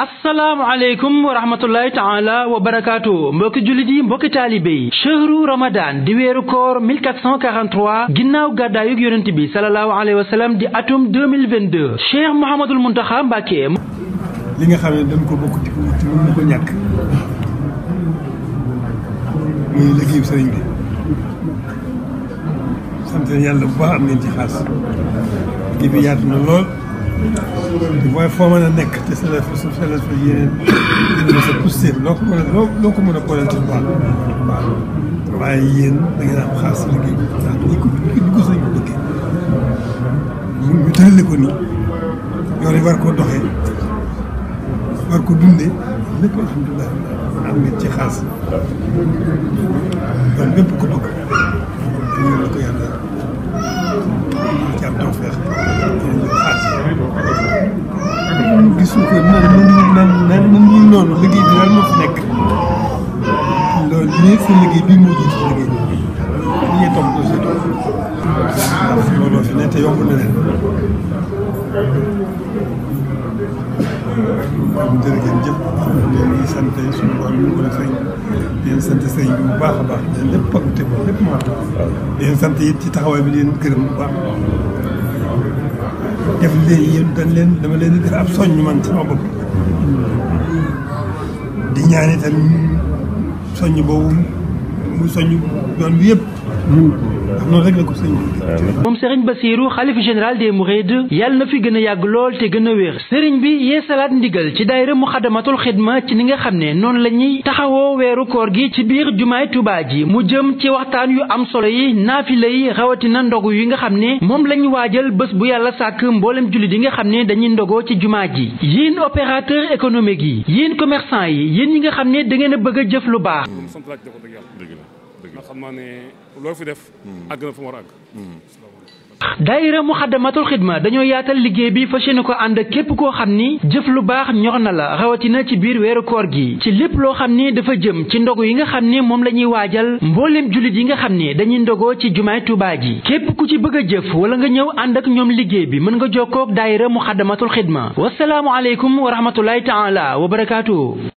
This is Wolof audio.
asalaamaaleykum wa rahmatullahi taala wa barakaatu mbokki jullit yi mbokki taalibe yi chehru di weeru koor ginnaaw gàddaayug yonent bi salallaahu alayhi wa di atum 2022 cheikh muntaxa mbàkke li nga xam ne dañ bi sant yàlla bu baax am ngeen ci xaas liggéey bi na lool waaye foo mën a nekk te sa la fa sa la fa yéen sa poussé loo ko mën a loo ko ci baax baax waaye yéen da ngeen am xaas liggéey bi ndax dañu ko dañu ko sañ ko bëggee ñu tëralee ko nii yoon war koo doxee war ko dundee lépp alhamdulilah am ngeen ci xaas kon lépp ko bëgg dañu la ko yàlla suukar nan nan nan nan ñuy noonu liggéey bi lan moo fi nekk loolu nii sa liggéey bii moo jiitu liggéey bi ñuy toog doo si toog ndax looloo fi ne te yomb na leen kon jërëjëf jëf leen di sant suñu borom ñu sant sëñ bu baax a baax leen lépp pagute bo lépp maa leen sant yi ci taxawaay bi leen gërëm bu baax def leen yéen dañ dama leen di def soññ man sama bopp di ñaan itam soññ boobu mu soññ yoon bi yëpp. moom Serigne Bassirou xalif général des Mourides yàlla na fi gën a yàgg lool te gën a wér Serigne bi yee salaat ndigal ci daayira Muxaddamatul Xidma ci ni nga xam ne noonu la ñuy taxawoo weeru koor gi ci biir jumaay Tuubaa ji mu jëm ci waxtaan yu am solo yi naafila yi rawatina ndogu yi nga xam ne moom lañu waajal bés bu yàlla sàkk mboolem jullit yi nga xam ne dañuy ndogoo ci jumaa ji yéen opérateur économique yi yéen commerçant yi yéen yi nga xam ne da ngeen a bëgg a jëf baax ndax xam naa ne hmm. hmm. daayira muxaddamatul xidma dañoo yaatal liggéey bi fa yéene ko ànd képp koo xam ni jëf lu baax ñor na la rawatina ci biir weeru koor gi ci lépp loo xam ni dafa jëm ci ndogu yi nga xam ni moom la ñuy waajal mbooleem jullit yi nga xam ni dañuy ndogoo ci jumaay Tuubaa ji képp ku ci bëgg a jëf wala nga ñëw ànd ak ñoom liggéey bi mën nga jokkoo ak daayira muxaddamatul xidma wasalaamu aleykum wa rahmatulahi wa barakaatu